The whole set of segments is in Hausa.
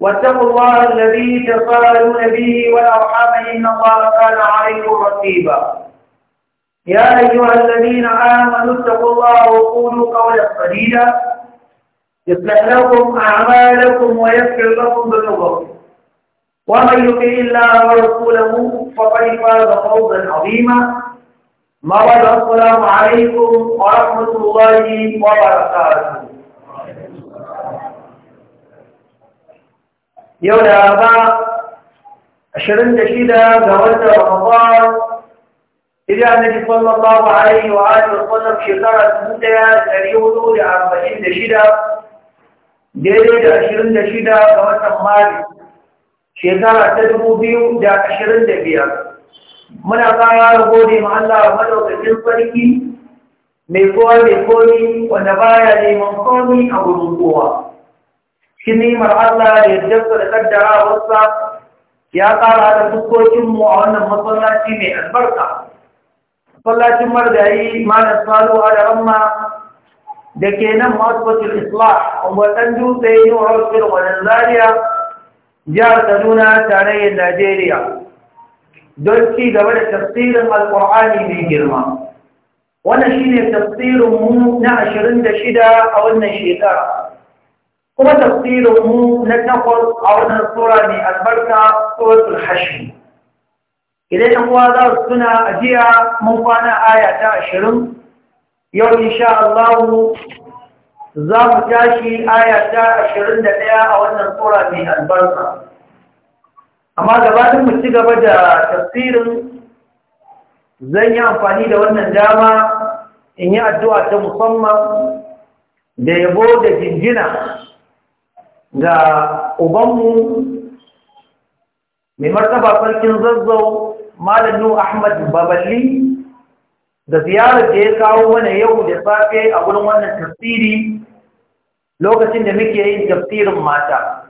واتقوا الله الذي تساءلون به والأرحام إن الله كان عليكم رقيبا يا أيها الذين آمنوا اتقوا الله وقولوا قولا سديدا يصلح لكم أعمالكم ويغفر لكم ذنوبكم ومن يطع الله ورسوله فقد فاز فوزا عظيما مرض السلام عليكم ورحمة الله وبركاته yau da ba shida ga wanda ramadan idan na annabi sallallahu alaihi wa alihi wa sallam shekara 1446 daidai da ashirin da shida ga watan mari shekara ta dubu biyu da ashirin da biyar muna kara gode ma Allah madaukakin sarki mai kowa mai komi wanda baya neman komi a gurin kowa cikin mar Allah da yaddarsa da wasu ya ƙara da mu a wannan masallaci mai albarka masallacin margayi malam salu a da ramma da ke nan masuwacin islah wadanda dutse yi wa rafin wadan zariya jihar kaduna tarayyar najeriya don ci gaba da tafsirin alkur'ani mai girma wannan shine tafsirinmu na ashirin shida a wannan shekara kuma tafsirinmu na takwas a wannan sura mai albarka suratul hashi idan yan uwa za su suna ajiya mun kwana aya ta ashirin yau insha Allah za mu tashi aya ta ashirin da ɗaya a wannan tsora mai albarka amma gabanin mu ci gaba da tafsirin zan yi amfani da wannan dama in yi addu'a ta musamman da yabo da jinjina Da ubanmu mai martaba farkin zazzau malamin ahmad baballi da ziyarar da ya kawo mana yau da safe a wurin wannan tafsiri lokacin da muke yin tafsirin mata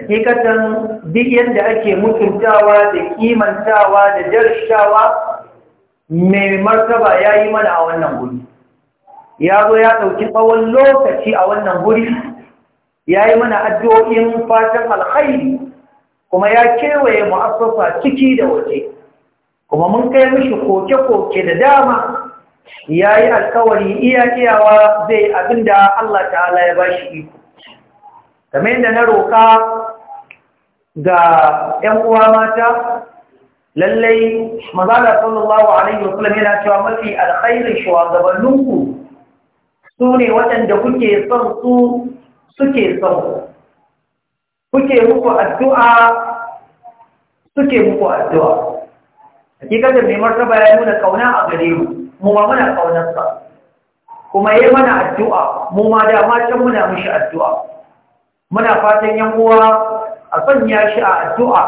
hakikatan duk yadda ake mutuntawa da kimantawa da jarshawa mai martaba ya yi mana a wannan guri ya zo ya ɗauki tsawon lokaci a wannan guri ya yi mana addu'o'in fatan alhaini kuma ya kewaye mu'assasa ciki da waje kuma mun kai mishi koke-koke da dama ya yi alkawari iya iyawa zai abinda Allah ta'ala ya bashi iku kamar yadda na roƙa ga ‘yan uwa mata lallai mazala sallallahu alaihi wasallam yana cewa mafi alkhairin shugabanninku su ne waɗanda kuke son su suke so kuke muku addu'a suke muku addu'a hakikatar neman martaba ya nuna kauna a gare mu mu ma muna kaunarsa kuma yi mana addu'a mu ma dama can muna mishi addu'a muna fatan yan uwa a sanya shi a addu'a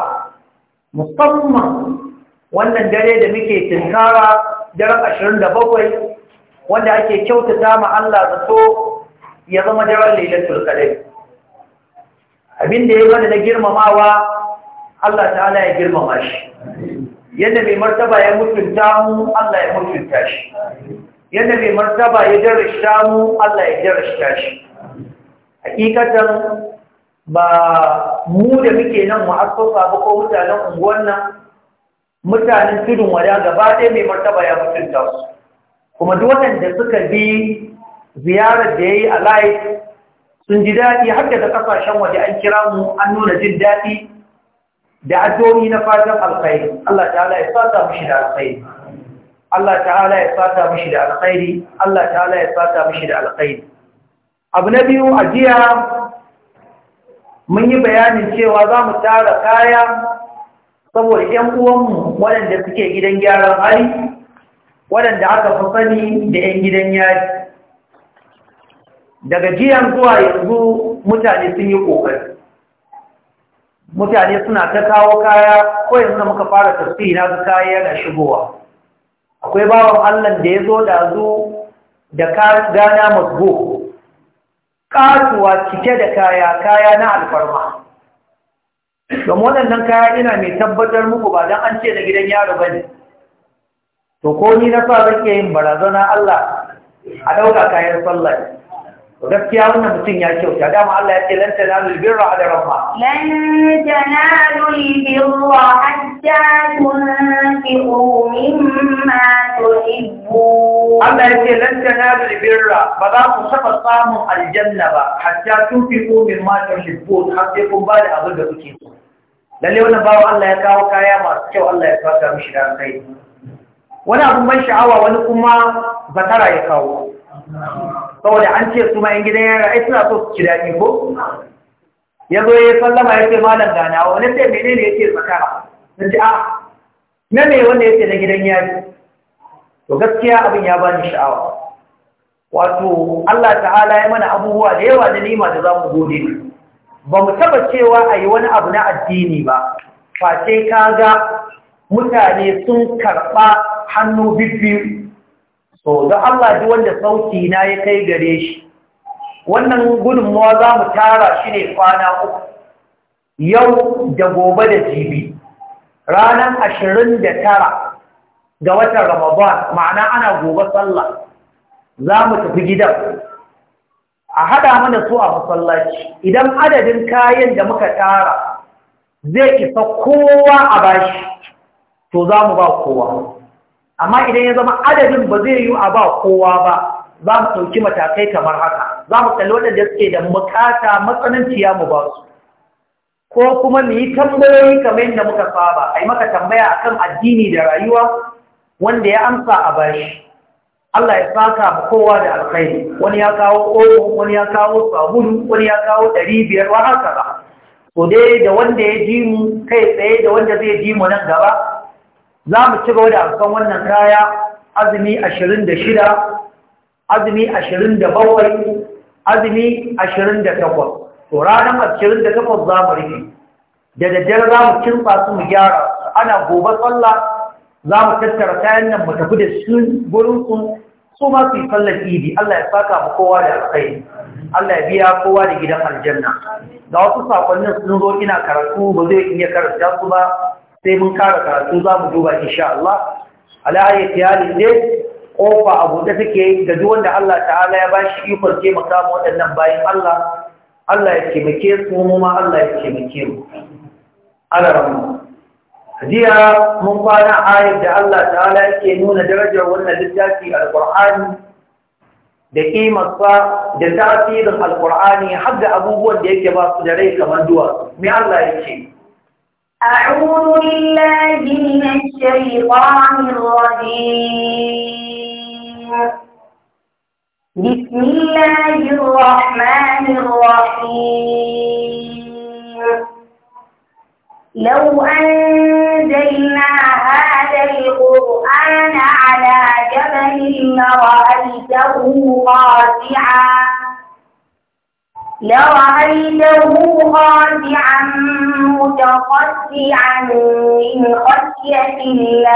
musamman wannan dare da muke tinkara daren bakwai, wanda ake kyautata ma Allah zato ya zama daren lailatul qadr abin da ya bani na girmamawa Allah ta'ala ya girmama shi yadda mai martaba ya mutunta mu Allah ya mutunta shi yadda mai martaba ya jarrashta mu Allah ya jarrashta shi hakikatan ba mu da muke nan mu'assasa ba ko mutanen unguwar nan mutanen tudun wada gaba ɗaya mai martaba ya mutunta su kuma duk waɗanda suka bi ziyarar da ya yi a laif sun ji daɗi har da kasashen waje an kira mu an nuna jin daɗi da addomi na fatan alkhairi Allah ta'ala ya fata mushi da alkhairi Allah ta'ala ya fata mushi da alkhairi Allah ta'ala ya fata mushi da alkhairi abu na biyu a jiya mun yi bayanin cewa za mu tara kaya saboda ‘yan uwanmu waɗanda suke gidan gyaran hali waɗanda aka fi sani da ‘yan gidan yari daga jiyan zuwa yanzu mutane sun yi ƙoƙari mutane suna ta kawo kaya ko yanzu da muka fara tafi na kaya yana shigowa akwai bawan allan da ya zo da zu da gana masu kasuwa cike da kaya kaya na alfarma don waɗannan kaya ina mai tabbatar muku ba don an ce da gidan yaro ba ne to ko ni na sa iya yin barazana allah a ɗauka kayan sallah gaskiya wannan mutum ya kyauta dama Allah ya ce lan tanalul birra ala rahma lan tanalul birra hatta tunfiqu mimma tuhibbu Allah ya ce lan tanalul birra ba za ku saba samun aljanna ba hatta tunfiqu mimma tuhibbu har sai kun ba da abin da kuke so lalle wannan bawo Allah ya kawo kaya masu kyau Allah ya fata mishi da kai wani abin ban sha'awa wani kuma zakara ya kawo saboda an ce su ma'in gidan yara ai suna so su ci daɗi ko ya zo ya sallama ya ce malam gana wani sai menene ce zakara na ce a ah, na ne wanda ya ce na gidan yari to gaskiya abin ya bani sha'awa wato Allah ta'ala ya mana abubuwa da yawa da nima da za mu gode ba mu taba cewa a yi wani abu na addini ba face ka ga mutane sun karɓa hannu bibbiyu so da Allah ji wanda sauti na ya kai gare shi wannan gudunmawa za mu tara shi ne kwana uku yau da gobe da jibi ranar ashirin da tara ga watan ramadan ma'ana ana gobe sallah za mu tafi gidan a haɗa mana su a masallaci idan adadin kayan da muka tara zai isa kowa a bashi to za mu ba kowa amma idan ya zama adadin ba zai yi a ba kowa ba za mu ɗauki matakai kamar haka za mu kalli waɗanda suke da bukata matsananciya mu ba su ko kuma mu yi tambayoyi kamar yadda muka saba a yi maka tambaya a kan addini da rayuwa wanda ya amsa a bashi Allah ya saka ma kowa da alkhairi wani ya kawo ƙofo wani ya kawo sabulu wani ya kawo ɗari biyar wa haka ba to dai da wanda ya ji mu kai tsaye da wanda zai ji mu nan gaba za mu ci gaba da akan wannan kaya azumi ashirin da shida azumi ashirin da azumi ashirin to ranar ashirin za mu rike da daddare za mu kimfa su mu gyara ana gobe sallah za mu tattara kayan nan mu tafi da su gurin su su ma su yi sallar idi Allah ya saka mu kowa da alkhairi Allah ya biya kowa da gidan aljanna ga wasu sakonnin sun zo ina karatu ba zai iya karanta su ba sai mun kara karatu za mu duba insha Allah alayyar tiyali ne kofa abu da take ga duk wanda Allah ta'ala ya bashi ikon taimaka ma waɗannan bayan Allah Allah ya taimake su mu ma Allah ya taimake mu alaram jiya mun kwana ayat da Allah ta'ala yake nuna darajar wannan littafi alqur'ani da kimarsa da tasirin alqur'ani har da abubuwan da yake ba su da rai kamar duwa me Allah yake أعوذ بالله من الشيطان الرجيم بسم الله الرحمن الرحيم لو أنزلنا هذا القرآن على جبل لرأيته خاشعا لرأيته خاشعا متقطعا من خشية الله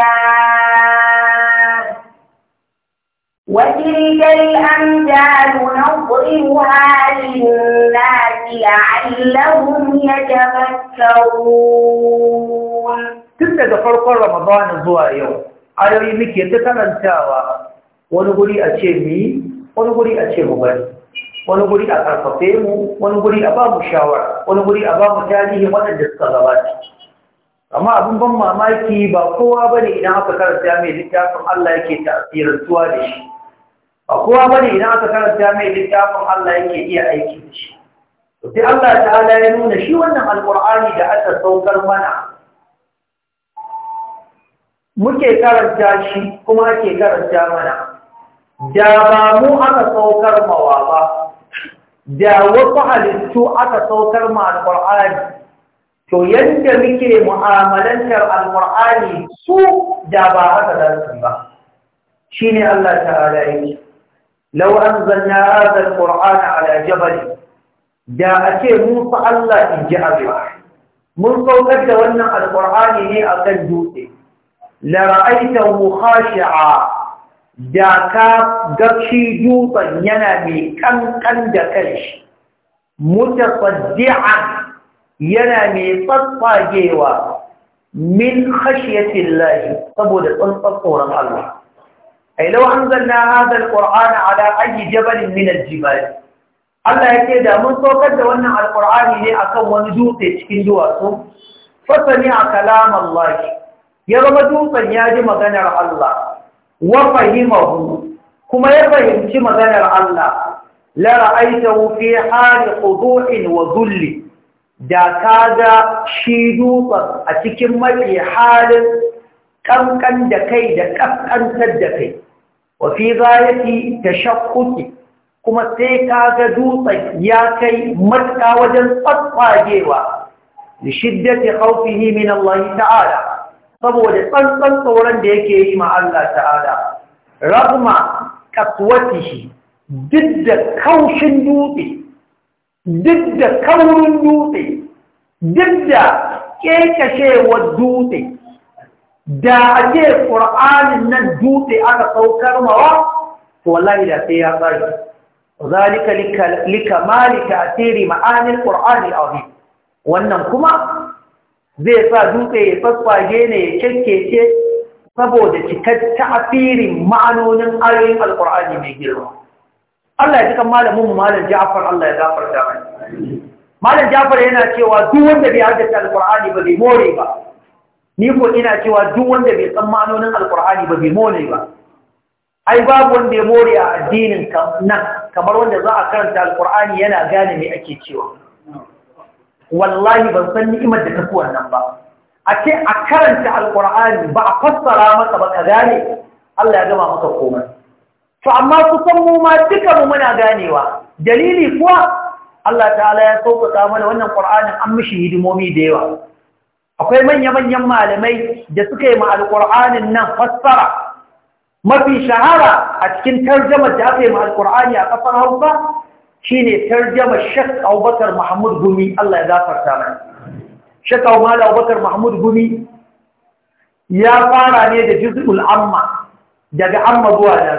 وتلك الأمثال نضربها للناس لعلهم يتفكرون tun daga farkon Ramadan zuwa yau ayoyi muke ta karantawa wani guri a ce mi wani guri a ce mu bari wani guri a karfafe mu wani guri a mu shawara wani guri a mu tarihin waɗanda suka gabata amma abin ban mamaki ba kowa ne idan aka karanta mai littafin Allah yake tasirantuwa da shi ba kowa ne idan aka karanta mai littafin Allah yake iya aiki da shi sai Allah ta'ala ya nuna shi wannan alqur'ani da aka saukar mana muke karanta shi kuma ake karanta mana da ba mu aka saukar mawa ba da wasu halittu aka saukar ma alƙur'ani to yadda muke mu'amalantar alƙur'ani su da ba haka za ba shi ne Allah ta halaye. lau an zanna hada alƙur'ana ala jabali da ake mun Allah in ji Allah mun saukar da wannan alƙur'ani ne akan dutse la ra'aytahu khashi'a da ka gabshi dutsen yana mai kankan da kanshi mutasaddi'an yana mai tsatsagewa min khashiyatin lahi saboda tsantsar tsoron Allah ai lau an zanna hadha alqur'ana ala ayi jabalin min Jibali. Allah ce da mun saukar da wannan Alƙur'ani ne akan wani dutse cikin duwatsu fasani a kalamar Allah ya zama dutsen ya ji maganar Allah wa fahimahu kuma ya fahimci maganar Allah la ra'aytahu fi hali qudu'in wa dhulli da kaga shi dutsen a cikin mafi halin kankan da kai da kaskantar da kai wa fi zayati tashaqquqi kuma sai kaga dutsen ya kai matka wajen tsatsagewa li shiddati khawfihi min Allah ta'ala saboda tsantsan tsoron da yake yi ma Allah ta'ala ragma kaswatihi duk da kaushin dutse duk da kaurin dutse duk da kekashewar dutse da ake ƙur'anin nan dutse aka saukar mawa to wallahi da sai ya tsari zalika likamali ta'siri ma'anil qur'ani azim wannan kuma zai sa dutse ya fasfage ne ya kyankyece saboda cikar ta'afirin ma'anonin ayoyin alkur'ani mai girma Allah ya cikin malamin malam Ja'far Allah ya gafarta mai malam Ja'far yana cewa duk wanda bai haddace alkur'ani ba bai more ba ni ko ina cewa duk wanda bai san ma'anonin alkur'ani ba bai more ba ai babu wanda ya more a addinin nan kamar wanda za a karanta alkur'ani yana gane me ake cewa wallahi ban san ni'imar da ta fi wannan ba a ce a karanta alkur'ani ba a fassara maka ba ka gane Allah ya gama maka komai to amma kusan mu ma duka mu muna ganewa dalili kuwa Allah ta'ala ya sauƙaƙa mana wannan Qur'anin an mishi hidimomi da yawa akwai manya-manyan malamai da suka yi ma alƙur'anin nan fassara mafi shahara a cikin tarjamar da aka yi ma alƙur'ani a ƙasar Hausa Shi shine tarjama Sheikh Abubakar Mahmud Gumi Allah ya gafarta mai Sheikh Abubakar Mahmud Gumi ya fara ne da juz'ul amma daga amma zuwa nan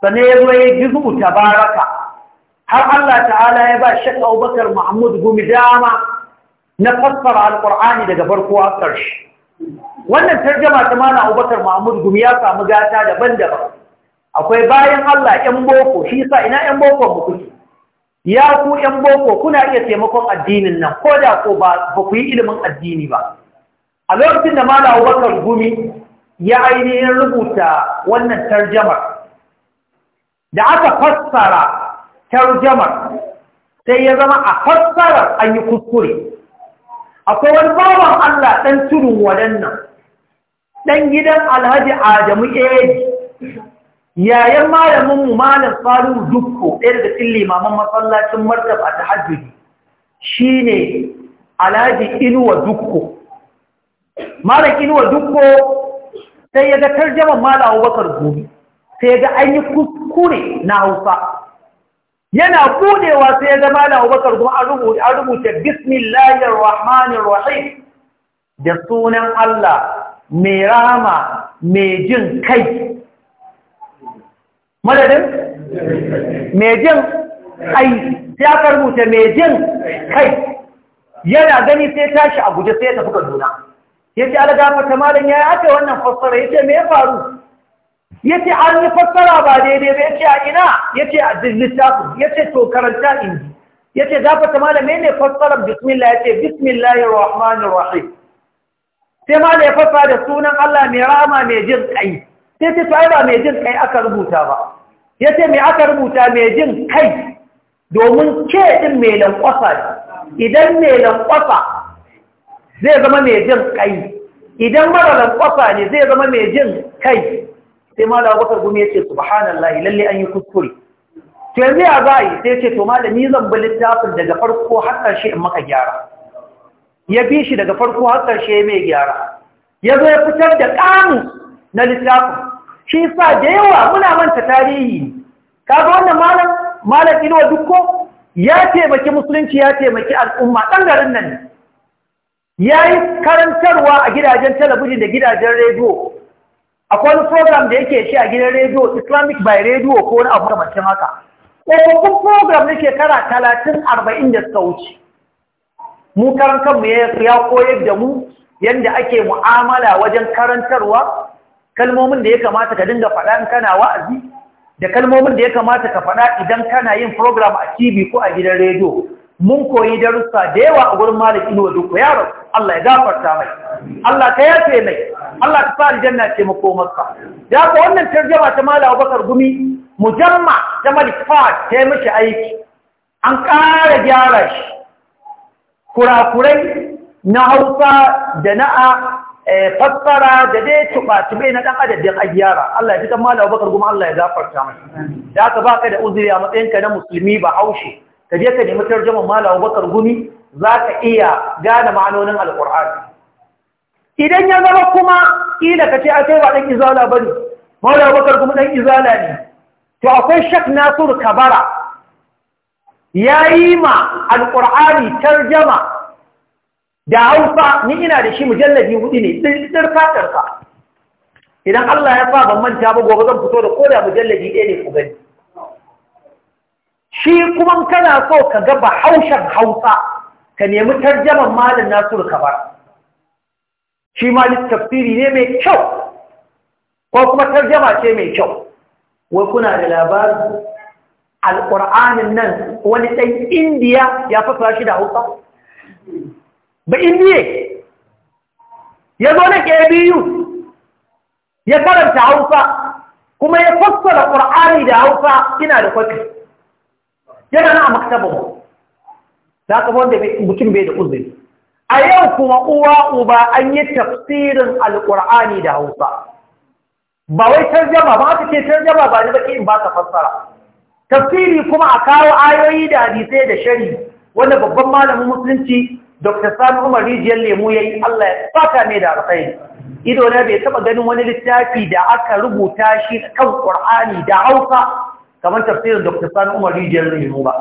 sannan ya zo ya jiz'u ta baraka. har Allah ta'ala ya ba Sheikh Abubakar Mahmud Gumi dama na fassara alqur'ani daga farko har ƙarshe wannan tarjama ta Malam Abubakar Mahmud Gumi ya samu gata daban-daban akwai bayan Allah ‘yan boko shi sa ina ‘yan boko mu kuke ya ku ‘yan boko kuna iya taimakon addinin nan ko da ko ba ku yi ilimin addini ba a lokacin da mala abubakar gumi ya ainihin rubuta wannan tarjamar da aka fassara tarjamar sai ya zama a fassarar an yi kuskure akwai wani baban Allah ɗan tudun waɗannan ɗan gidan alhaji Adamu Eji yayan malamin mu malam Salihu Dukko ɗaya daga cikin limaman masallacin martaba a tahajjudi ne Alhaji Inuwa Dukko malam Inuwa Dukko sai ya ga tarjaman malam Abubakar Gobe sai ya ga an yi kuskure na Hausa yana budewa sai ya ga malam Abubakar Gobe a rubuta bismillahir rahmanir rahim da sunan Allah mai rama mai jin kai madadin mejin jin kai ya aka rubuta jin kai yana gani sai tashi a guje sai ya tafi kaduna ya ce algafa ta malam ya yi ake wannan fassara ya ce me ya faru ya ce an yi fassara ba daidai ba ya ce a ina ya ce a littafin ya ce to karanta in ji ya ce gafa ta mai ne fassara bismillah ya ce bismillahir rahmanir rahim sai ma ya fassa da sunan Allah mai rama mai jin kai sai ce to ai ba mai jin kai aka rubuta ba ya ce mai aka rubuta mai jin kai domin ke ɗin mai lankwasa idan mai lankwasa zai zama mai jin kai idan mara lankwasa ne zai zama mai jin kai sai ma lagwatar gumi ya ce subhanallah lalle an yi kuskure to yanzu ya za yi sai ce to malami zan bi littafin daga farko har ƙarshe in maka gyara ya bi shi daga farko har ƙarshe mai gyara ya zo ya fitar da ƙanu na littafin shi sa da yawa muna manta tarihi kaga wannan malam malam inuwa dukko ya taimaki musulunci ya taimaki al'umma ɗan garin nan ya yi karantarwa a gidajen talabijin da gidajen rediyo akwai wani program da yake shi a gidan rediyo islamic by rediyo ko wani abu kamar haka ƙofofin program na shekara talatin arba'in da suka wuce mu karan kanmu ya koyar da mu yadda ake mu'amala wajen karantarwa kalmomin da ya kamata ka dinga faɗa in kana wa'azi da kalmomin da ya kamata ka faɗa idan kana yin program a TV ko a gidan rediyo mun koyi darussa da yawa a gurin Malik Inuwa duka yaro Allah ya gafarta mai Allah ka yafe mai Allah ka fara janna ce ko maka da ko wannan tarjuma ta Malam Abubakar Gumi mujamma ta Malik Fat ta mishi aiki an ƙara gyara shi kurakurai na Hausa da na Eh, fassara da dai tuba tuɓe na ɗan adadin ayyara Allah ya fi tamma da abubakar Allah ya gafarta mai da aka ba ka da uzuri a matsayinka na musulmi ba haushe ka je ka nemi tarjaman mala abubakar gumi za ka iya gane ma'anonin alƙur'ani idan ya zama kuma ƙila ka ce a kai ba ɗan izala ba ne mala abubakar kuma ɗan izala ne to akwai shak nasur kabara ya yi ma alƙur'ani tarjama da hausa ni ina da shi mujallabi hudu ne tsirtsir fatarsa idan Allah ya fa ban manta ba gobe zan fito da koda mujallabi ɗaya ne ku gani shi kuma kana so ka ga bahaushen hausa ka nemi tarjaman malin nasiru kabar shi ma tafsiri ne mai kyau ko kuma tarjama ce mai kyau wai kuna da labarin alƙur'anin nan wani ɗan indiya ya fasa shi da hausa ba indiye ya zo na biyu ya karanta hausa kuma ya fassara ƙur'ani da hausa ina da kwafi yana na a maktabar Za ka wanda mutum bai da uzuri a yau kuma uwa uba an yi tafsirin alƙur'ani da hausa ba wai tarjama ba aka ce tarjama ba ni baki in ba ka fassara tafsiri kuma a kawo ayoyi da hadisai da shari wanda babban malamin musulunci Dr. Sani Umar rijiyar lemu ya yi Allah ya fata ne da alkhairi. Ido na bai taɓa ganin wani littafi da aka rubuta shi kan Ƙur'ani da Hausa kamar tafsirin Dr. Sani Umar rijiyar lemu ba.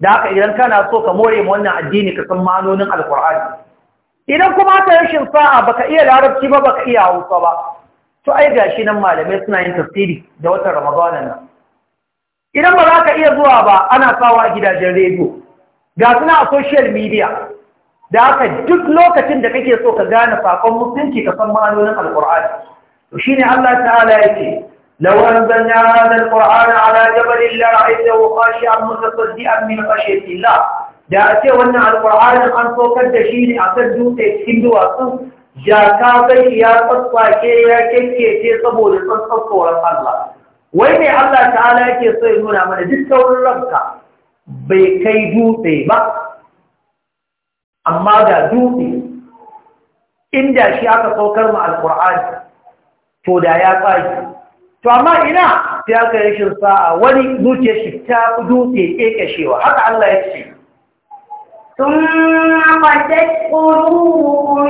Da haka idan kana so ka more ma wannan addini ka san ma'anonin Alƙur'ani. Idan kuma ta rashin sa'a baka iya larabci ba baka iya Hausa ba. To ai ga shi nan malamai suna yin tafsiri da watan ramadana nan. Idan ba za ka iya zuwa ba ana sawa gidajen rediyo. ga suna a social media da haka duk lokacin da kake so ka gane sakon musulunci ka san ma'anonin alkur'ani to shine Allah ta'ala yake Lawan anzalna hadha alqur'ana ala jabalin la ra'aytahu khashi'an mutasaddian min khashyati Allah da ce wannan alkur'anin an sokar da shi ne akan dutse cikin duwatsu jaka bai ya tsatsake ya kekkece saboda tsatsakowar Allah wai ne Allah ta'ala yake so ya nuna mana duk saurin ranka bai kai dutse ba amma da dutse inda shi aka saukar ma alkur'ani to da ya tsaki to amma ina ta yaka yi shi sa'a wani dutse shi ta dutse dutse kekashewa haka Allah ya ce ثم قست قلوبكم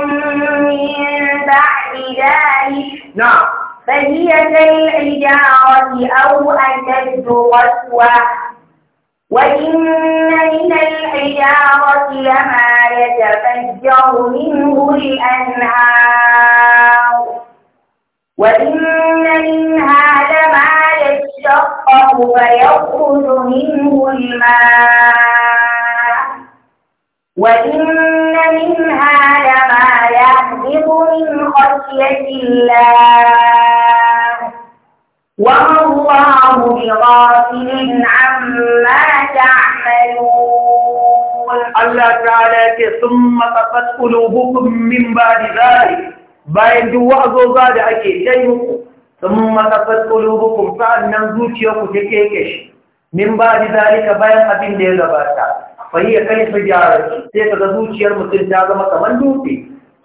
من بعد a نعم a كالحجارة أو أشد قسوة وإن من الحجارة لما يتفجر منه الأنهار وإن منها لما يشقق فيخرج منه الماء وإن منها لما يهبط من خشية الله وما الله بغافل عما تعملون الله تعالى ثم قفت قلوبكم من بعد ذلك bayan duk wa'azo za da ake kai muku sun matafat qulubukum sa'annan zuciyarku ta keke shi min ba da zalika bayan abin da ya gabata fa kai kayfa jarat sai kaga zuciyar mutum ta zama kamar dutse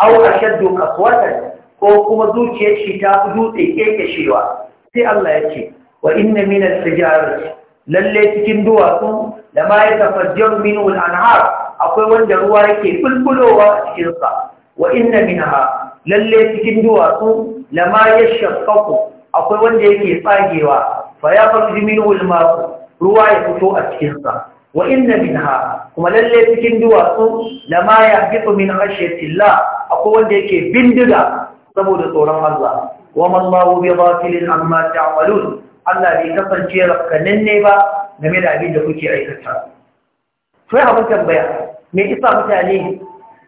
aw ashaddu qaswatan ko kuma zuciyar shi ta fi dutse keke shiwa. sai Allah ya ce wa inna min al-tijarati lalle cikin duwatsu da ma ya tafajjar al-anhar akwai wanda ruwa yake bulbulowa a cikin sa wa inna minha lalle cikin duwatsu da ma ya akwai wanda yake tsagewa fa ya farji minhu al ruwa ya fito a cikin sa wa inna minha kuma lalle cikin duwatsu da ma ya hakifu min khashyatillah akwai wanda yake bindiga saboda tsoron Allah وَمَا اللَّهُ بِغَافِلٍ عَمَّا تَعْمَلُونَ الله بي كسانشي ركنن نيبا نمير ابي دكوتي عيسى شو هذا التنبيه مي يسا متالي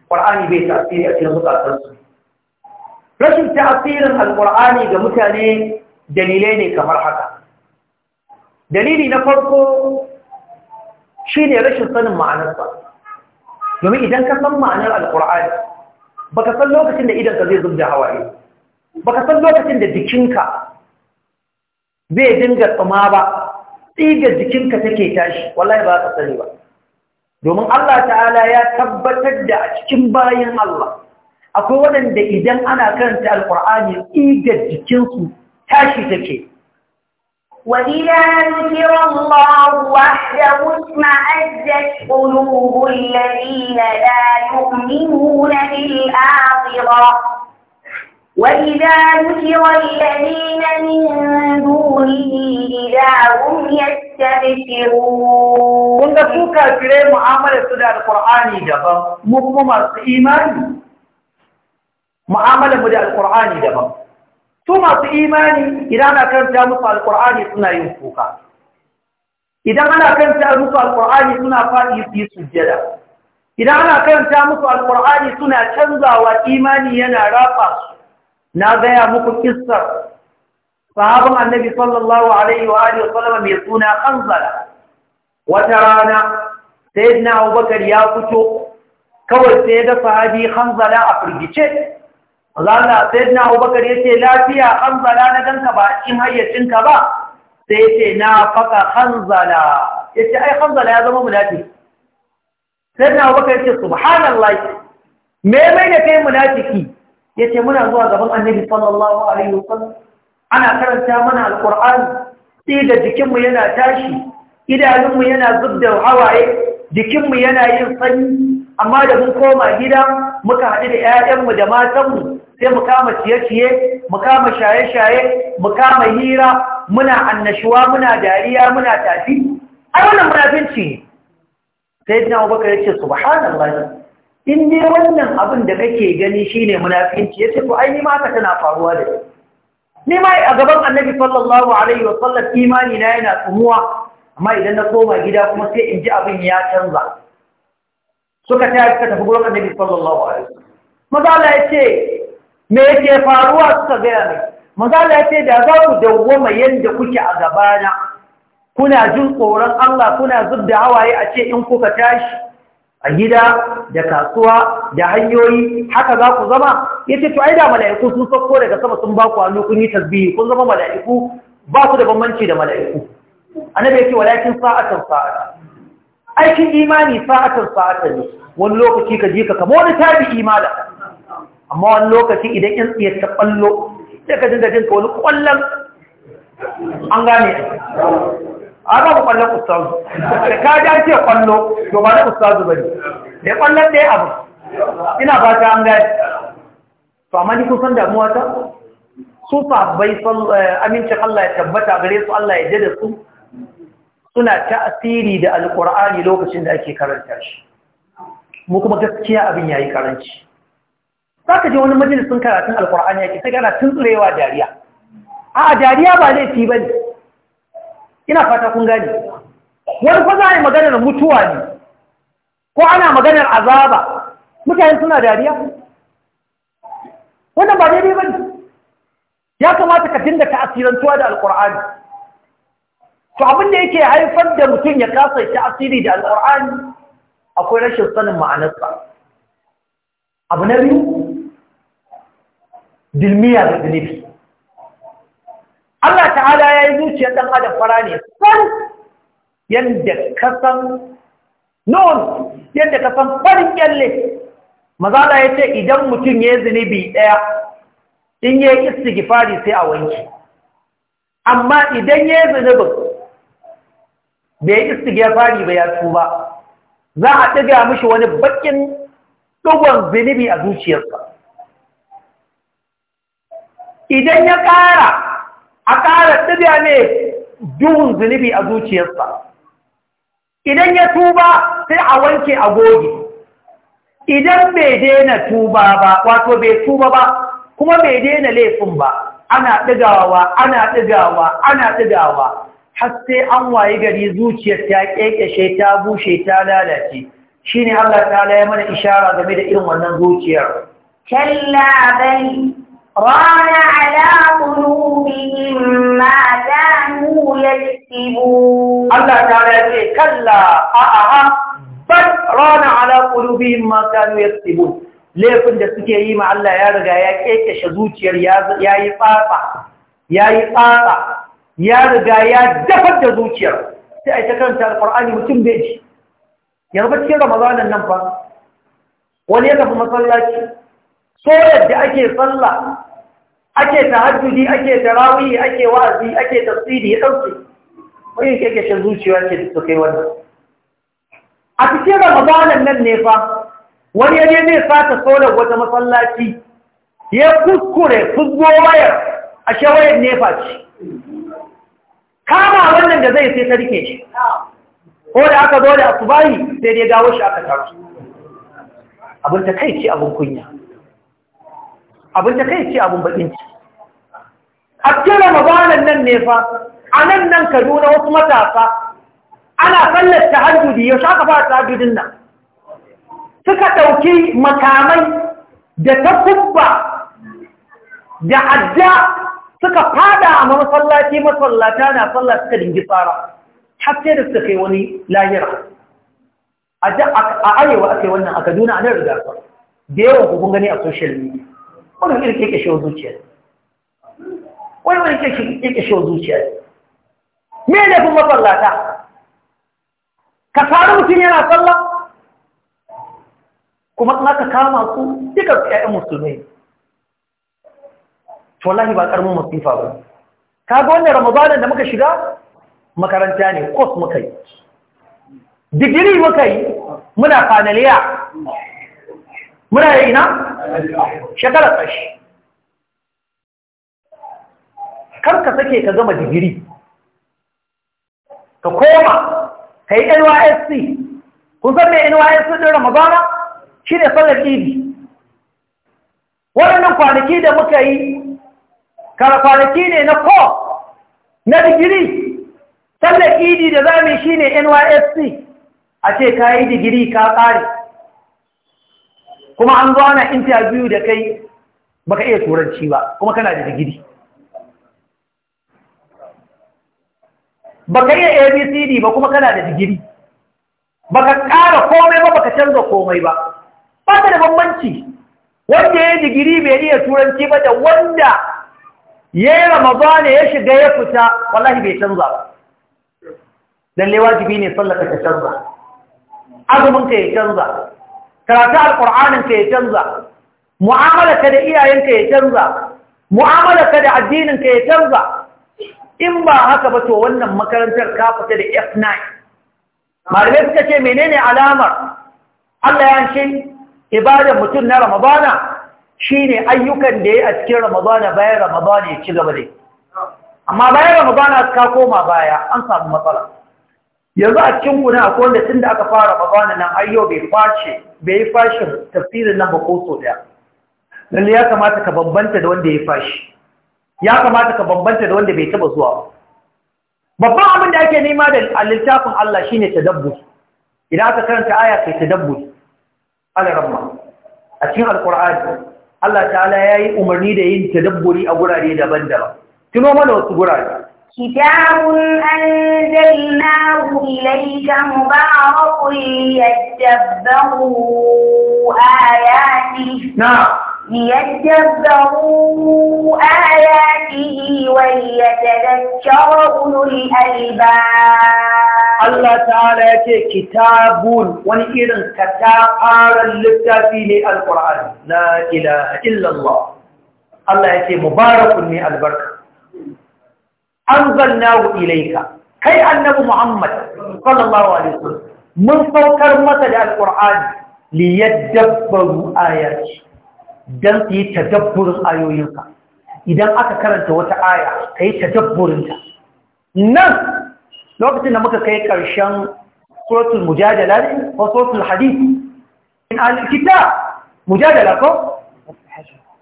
قراني بي تاثير اكيد متاثر رشم تاثير القران ده متالي دليلين كمر حدا دليلي na farko shine rashin sanin ma'anarsa domin idan ka san ma'anar alqur'ani baka san lokacin da idan ka zai zubda hawaye baka san lokacin da jikinka zai dinga tsuma ba tsigar jikinka take tashi wallahi ba ka sani ba domin Allah ta'ala ya tabbatar da a cikin bayan Allah akwai waɗanda idan ana karanta alƙur'ani tsigar jikinsu tashi take وإذا ذكر الله وحده اطمأزت قلوب الذين لا يؤمنون بالآخرة وإذا ذكر الذين من دونه إذا هم يستبشرون kun ga su kafirai mu'amalar su da alƙur'ani daban mu kuma masu imani mu'amalar mu da alƙur'ani daban su masu imani idan ana karanta musu alƙur'ani suna yin kuka idan ana karanta musu alƙur'ani suna faɗi su yi sujjada idan ana karanta musu alƙur'ani suna canzawa imani yana rafa su na gaya muku kissar sahabin annabi sallallahu alaihi wa alihi wasallam mai suna kanzala wata rana sayyidina abubakar ya fito kawai sai ga sahabi kanzala a firgice zalla sayyidina abubakar ya ce, lafiya kanzala na ganka ba in hayyacinka ba sai yace na faka kanzala ce, ai kanzala ya zama munafiki sayyidina abubakar ya ce, subhanallah, me mai da kai munafiki ya ce muna zuwa gaban annabi sallallahu alaihi wasallam ana karanta mana alƙur'ani sai da jikinmu yana tashi idanunmu yana zub da hawaye jikinmu yana yin sanyi amma da mun koma gida muka haɗu da 'ya'yanmu da matanmu sai mu kama ciye-ciye mu kama shaye-shaye mu kama hira muna annashuwa muna dariya muna tafi a wannan munafinci sai dina abubakar ya ce subhanallah in dai wannan abin da kake gani shine munafinci yace to ai ni ma haka tana faruwa da ni ni ma a gaban annabi sallallahu alaihi wa sallam imani na yana tsumuwa amma idan na koma gida kuma sai in ji abin ya canza suka ta suka tafi gurin annabi sallallahu alaihi wa maza Allah ya ce me yake faruwa suka gaya mai maza Allah ya ce da za ku dawwama yanda kuke a gabana kuna jin tsoron Allah kuna zub da hawaye a ce in kuka tashi a gida da kasuwa da hanyoyi haka za ku zama ya ce to ai da mala'iku sun sauko daga sama sun ba ku hannu kun yi tasbihi kun zama mala'iku ba su da bambanci da mala'iku annabi yake walakin sa'atan sa'ata aikin imani sa'atan sa'ata ne wani lokaci ka ji ka kama wani tabi imala amma wani lokaci idan in tsiyar ta kwallo sai ka dinga jinka wani kwallon an gane a ba ku kwallon ustazu da ka ja ce kwallo to ba na ustazu bane da kwallon ɗaya abu ina ba ta an gani to amma ni kun san damuwa ta su sahabbai eh, Allah ya tabbata gare su Allah ya jada su suna ta'asiri da alkur'ani lokacin da ake karanta shi mu kuma gaskiya abin yayi karanci saka je wani majalisin karatun alkur'ani yake sai kana tuntsurewa dariya a dariya ba laifi bane ina fata kun gane wani fa za a yi maganar mutuwa ne ko ana maganar azaba mutane suna dariya wannan ba daidai ba ne ya kamata ka dinga ta'asirantuwa da alkur'ani to abin da yake haifar da mutum ya kasa ta'asiri da alkur'ani akwai rashin sanin ma'anarsa abu na biyu dilmiya da Allah ta'ala ya yi zuciyar ɗan adam fara ne san yadda ka san nun, yadda ka san farin kyalle mazala ya ce idan mutum ya yi zunubi ɗaya in ya yi istighfari sai a wanke amma idan ya yi zunubin bai yi istighfari ba ya ba, za a ɗiga mishi wani baƙin ɗugon zunubi a zuciyarsa idan ya ƙara a ƙara ɗibiya ne duhun zunubi a zuciyarsa idan ya tuba sai a wanke a goge idan bai daina tuba ba wato bai tuba ba kuma bai daina laifin ba ana ɗigawa ana ɗigawa ana ɗigawa har sai an wayi gari zuciyar ta ƙeƙashe ta bushe ta lalace Shi ne Allah ta laye mana ishara game da irin wannan zuciyar kalla bai ران على قلوبهم ما كانوا يكسبون الله تعالى يقول كلا أها بل ران على قلوبهم ما كانوا يكسبون laifin da suke yi ma Allah ya riga ya kekeshe zuciyar ya yi tsatsa ya yi tsatsa ya riga ya dafar da zuciyar sai a ta kanta alƙur'ani mutum bai ji yarba cikin ramadanan nan ba wani ya tafi masallaci soyar da ake sallah ake ta hajjudi, ake ta tarawih ake wa'azi ake tafsiri ya dauke wani kake shan zuciya ce su kai wannan a cikin ramadanan nan ne fa wani ya je sa ta solar wata masallaci ya kuskure fuzgo wayar a shawayar nefa ce kama wannan da zai sai ta rike shi ko da aka zo da asubahi sai dai gawo shi aka taru abin ta kai ce abin kunya abin da kai ce abin bakin ci a kira mabanan nan ne fa a nan nan kaduna wasu matasa ana sallar tahajjudi yaushe aka fara tahajjudin nan suka ɗauki makamai da kubba da adda suka fada a masallaci masallata na sallah suka dingi tsara har da suka kai wani lahira a arewa aka wannan a kaduna a nan rigasar da yawan kukun gani a social media wani wani ke shi zuciya wani wani ke kashe zuciya me ne kuma sallata ka faru mutum yana sallah kuma in ka kama su duka ƴaƴan musulmi? to wallahi ba masu masifa ba ka ga wannan ramadanin da muka shiga makaranta ne course muka yi digiri muka yi muna fanaliya muna yi ina shekara tsashi kar ka sake ka gama digiri ka koma ka yi nysc kun san mai nysc ɗin ramazana shi ne tsallar idi waɗannan kwanaki da muka yi kara kwanaki ne na ko na digiri tsallar idi da za mu shi ne nysc a ce ka yi digiri ka ƙare kuma an zo ana interview da kai baka iya turanci ba kuma kana da digiri baka iya abcd ba kuma kana da digiri baka ƙara komai ba baka canza komai ba ba ta da bambanci wanda ya digiri bai iya turanci ba da wanda ya yi ramazana ya shiga ya fita wallahi bai canza ba lalle wajibi ne sallaka ka canza azumin ka ya canza karatu alƙur'anin ka ya canza mu'amala da iyayenka ya canza mu'amalarka da addinin ka ya canza in ba haka ba to wannan makarantar ka fita da F9 malamai suka ce menene alamar Allah ya ce ibadar mutum na Ramadana shine ayyukan da ya a cikin Ramadana bayan Ramadana ya ci gaba da amma bayan Ramadana ka koma baya an samu matsala yanzu a cikin guna akwai wanda tun da aka fara babana nan ayyau yau bai fashe bai yi fashin tafsirin nan ba ko so daya lalle ya kamata ka bambanta da wanda ya fashi ya kamata ka bambanta da wanda bai taba zuwa ba babban abin da ake nema da littafin Allah shine tadabbur idan aka karanta aya kai tadabbur al-rahma a cikin alqur'ani Allah ta'ala ya yi umarni da yin tadabburi a gurare daban-daban tuno mana wasu gurare كتاب أنزلناه إليك مبارك ليتدبروا آياته نعم ليتدبروا آياته وليتذكر أولو الألباب الله تعالى يأتي كتاب ونئذن كتاب للتافي القرآن لا إله إلا الله الله يأتي مبارك من البركة anzalnahu ilayka kai annabi Muhammad sallallahu alaihi wasallam mun saukar masa da alqur'ani li yadabbaru ayati dan su yi tadabburin ayoyinka idan aka karanta wata aya kai tadabburin ta nan lokacin da muka kai karshen suratul mujadala ne ko suratul hadith in al-kitab mujadala ko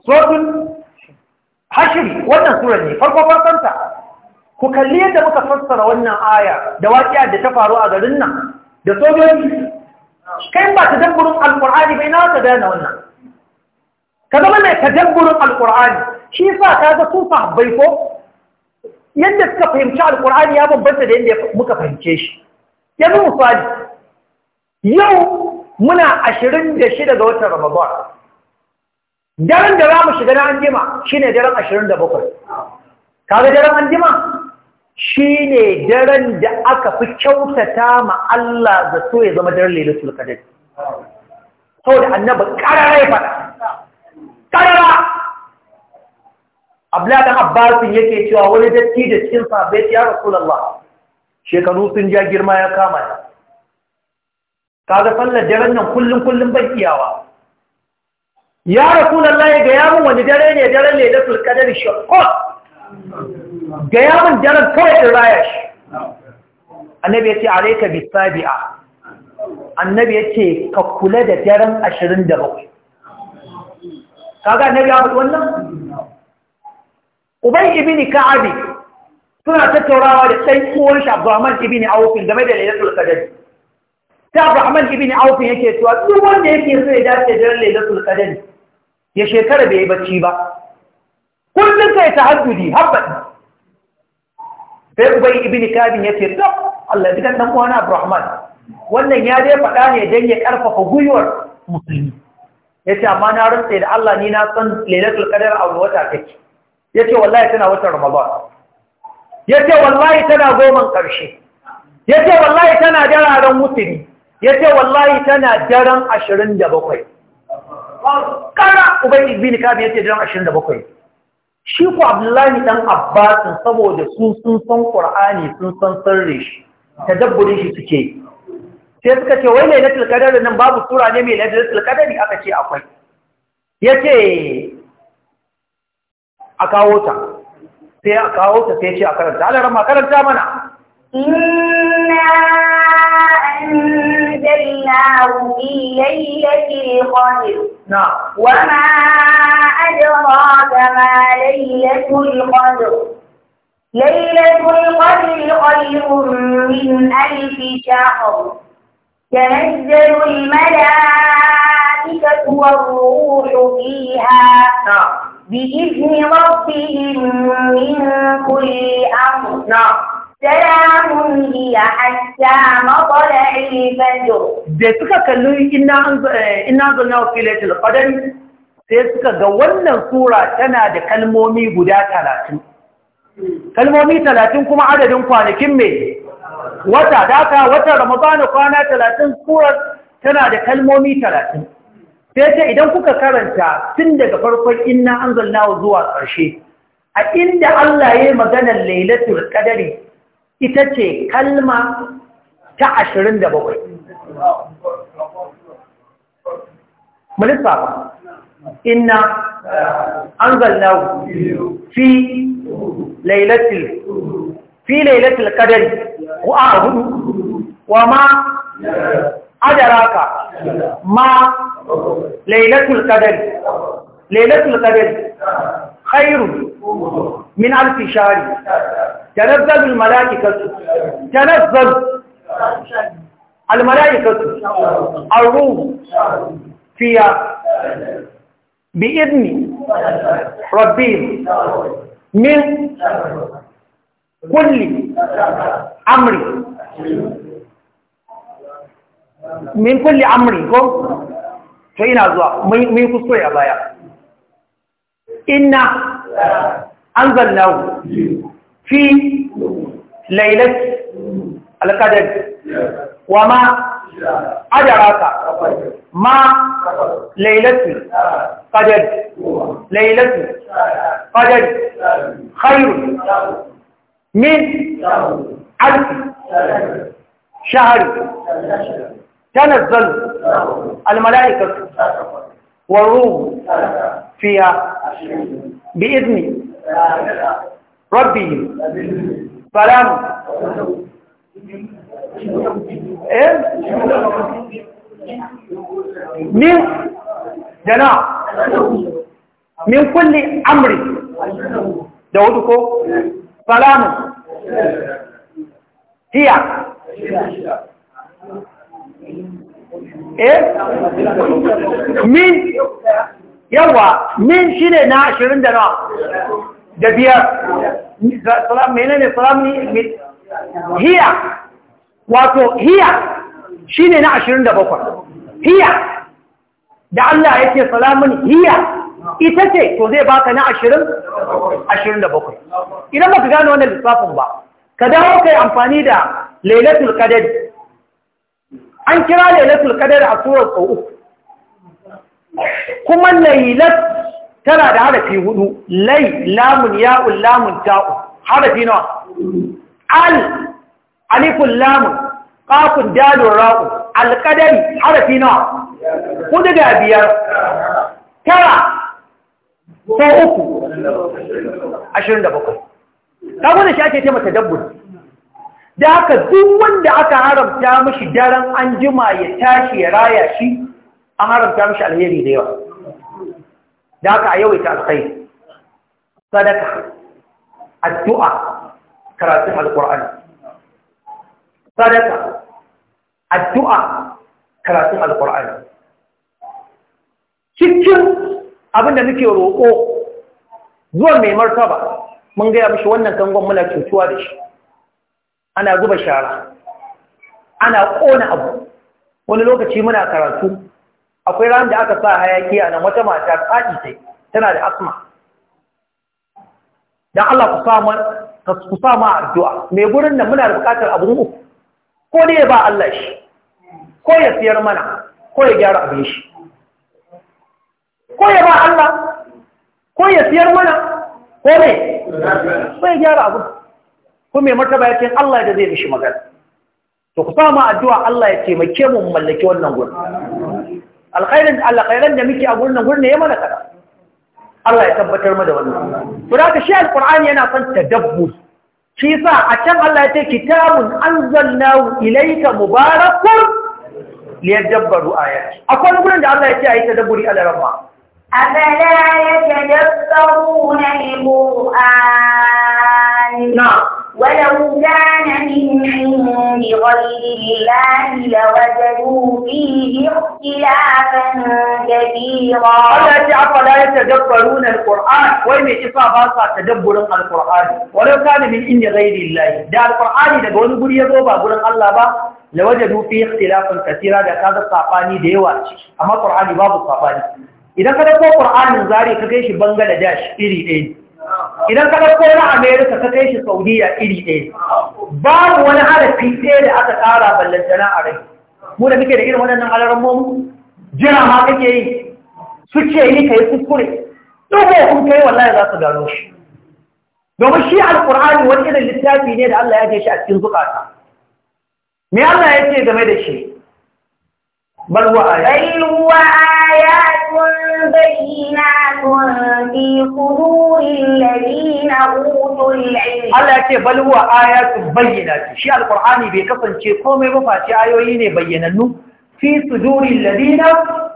suratul hashri wannan sura ne farko farkon ta. ku kalli yadda muka fassara wannan aya da waƙiya da ta faru a garin nan da sojoji kai ba ta dabburin alƙur'ani bai na ka dana wannan ka zama mai ta dabburin alƙur'ani shi sa ta ga su sahabbai ko yadda suka fahimci alƙur'ani ya bambanta da yadda muka fahimce shi yanzu misali yau muna ashirin da shida ga watan ramadan daren da za mu shiga na anjima shine daren ashirin da bakwai kaga daren anjima shi ne daren da aka fi kyautata ma Allah da so ya zama daren lailatul qadr sau da annaba ƙararai fata ƙarara abladan abbasin yake cewa wani datti da cikin sabbai ya rasulallah shekaru sun ja girma ya kama ta ga sallar daren nan kullum kullum ban iyawa ya rasulallah ya ga yamin wani dare ne daren ne da sulkadar shakot Gaya min daren kawai in raya shi annabi ya ce a reka bisabi'a annabi ya ce ka kula da daren ashirin da bakwai kaga annabi ya faɗi wannan ubai ibini ka'abi suna tattaurawa da ɗan uwan shi abdurrahman ibini aufin game da lailatul qadr ta abdurrahman ibini aufin yake cewa duk wanda yake so ya dace da lailatul qadr ya shekara bai yi bacci ba kullum sai ta tahajjudi habbat sai ubai ibn kabin ya ce dab Allah dukan dan uwana Abdurrahman wannan ya dai faɗa ne dan ya karfafa guyuwar musulmi yace amma na rantsa da Allah ni na san lailatul qadar a wani wata take yace wallahi tana watan Ramadan yace wallahi tana goman karshe yace wallahi tana dararen mutuni yace wallahi tana daren 27 kana ubai ibn kabin yace daren 27 shi ku abdullahi ɗan abbasin saboda su sun san ƙwar'ani sun san sirri shi ta dabburi shi suke sai suka ce wai mai lailatul qadar nan babu sura ne mai lailatul qadar aka ce akwai ya ce a kawo ta sai a kawo ta sai ce a karanta alarama karanta mana أنزلناه في ليلة القدر نعم وما أدراك ما ليلة القدر ليلة القدر خير من ألف شهر تنزل الملائكة والروح فيها نعم بإذن ربهم من كل أمر نعم سلام هي حتى مطلع الفجر da suka kalli ina zanna eh, fi laitul qadar sai suka ga wannan sura tana da kalmomi guda talatin. kalmomi talatin kuma adadin kwanakin mai wata daka wata ramadana kwana talatin surar tana da kalmomi talatin. sai ce idan kuka karanta tun daga farkon inna anzalnahu zuwa ƙarshe a inda Allah yi maganar lailatul qadari ita ce kalma ta ashirin da bakwai. Mulisa ina an zalla fi lailatul fi lailatul qadari ku a hudu wa ma adaraka ma lailatul qadari lailatul qadari khairu من ألف شهر تنزل الملائكة تنزل الملائكة الروح فيها بإذن ربهم من كل أمر من كل أمر فإن to ina zuwa mun kuskure a أنزلناه في ليلة القدر وما أدراك ما ليلة قدر ليلة قدر خير من ألف شهر تنزل الملائكة والروح فيها بإذن rabbihim salam eh min jana min kulli amri da hudu ko salamun hiya eh min yawa min shine na ashirin da da biyar menene ni? hiya wato hiya shine na ashirin da bakwai hiya da Allah yake salamun hiya ita ce to zai baka na ashirin ashirin da bakwai idan baka gane wannan lissafin ba ka dawo kai amfani da lailatul qadar an kira lailatul qadar a surar sau uku kuma lailat tana da harafi hudu lai lamun ya'un lamun ta'un harafi nawa al alifun lamun qafun dalun ra'u alqadari harafi nawa hudu da biyar tara ko uku ashirin da bakwai Ta da shi ake taimaka dabbun da haka duk wanda aka haramta mashi daren an jima ya tashi ya raya shi an haramta mashi alheri da yawa da haka a yawaita alkhairi sadaka addu'a karatun alqur'ani sadaka addu'a karatun alqur'ani cikin abin da muke roƙo zuwa mai martaba mun gaya mishi wannan kangon muna cutuwa da shi ana zuba shara ana ƙona abu wani lokaci muna karatu akwai ran da aka sa hayaki a nan wata mata tsaki ce tana da asma dan Allah ku sa ku sa ma addu'a me gurin nan muna da bukatar abun uku ko dai ba Allah shi ko ya siyar mana ko ya gyara abin shi ko ya ba Allah ko ya siyar mana ko ne ko ya gyara abin ko me martaba yake Allah da zai mishi magana to ku sa ma addu'a Allah ya taimake mu mu mallaki wannan gurin alkhairin alkhairan da muke a gurin nan gurin ne ya mana kada Allah ya tabbatar mu da wannan to da shi alqur'ani yana son tadabbur shi yasa a can Allah ya ce kitabun anzalnahu ilayka mubarakun liyadabbaru ayati akwai gurin da Allah ya ce ayi tadabburi alarama afala yatadabbaruna alqur'an na'am ولو كان من عند غير الله لوجدوا فيه اختلافا كثيرا الله تعالى لا يتدبرون القرآن وإن إفا باسا تدبر القرآن ولو كان من عند غير الله ده القرآن ده قول قول يضوبا قول الله با لوجدوا فيه اختلافا كثيرا ده كذا الصافاني ديوا أما القرآن باب الصافاني إذا كان القرآن زاري كيش بنغلاديش إيري إيه idan ka ɗauko na amerika ka kai shi saudiya iri ɗaya babu wani harafi ɗaya da aka ƙara ballantana a rai mu da muke da irin waɗannan alarammomu jira ma kake yi ce yi ka yi kuskure ɗugo kun kai wallahi za su gano shi domin shi alkur'ani wani irin littafi ne da Allah ya je shi a cikin zukata me Allah ya ce game da shi Allah ya ce bal huwa ayatun bayyinati shi alqur'ani bai kasance komai ba face ayoyi ne bayyanannu fi suduril ladina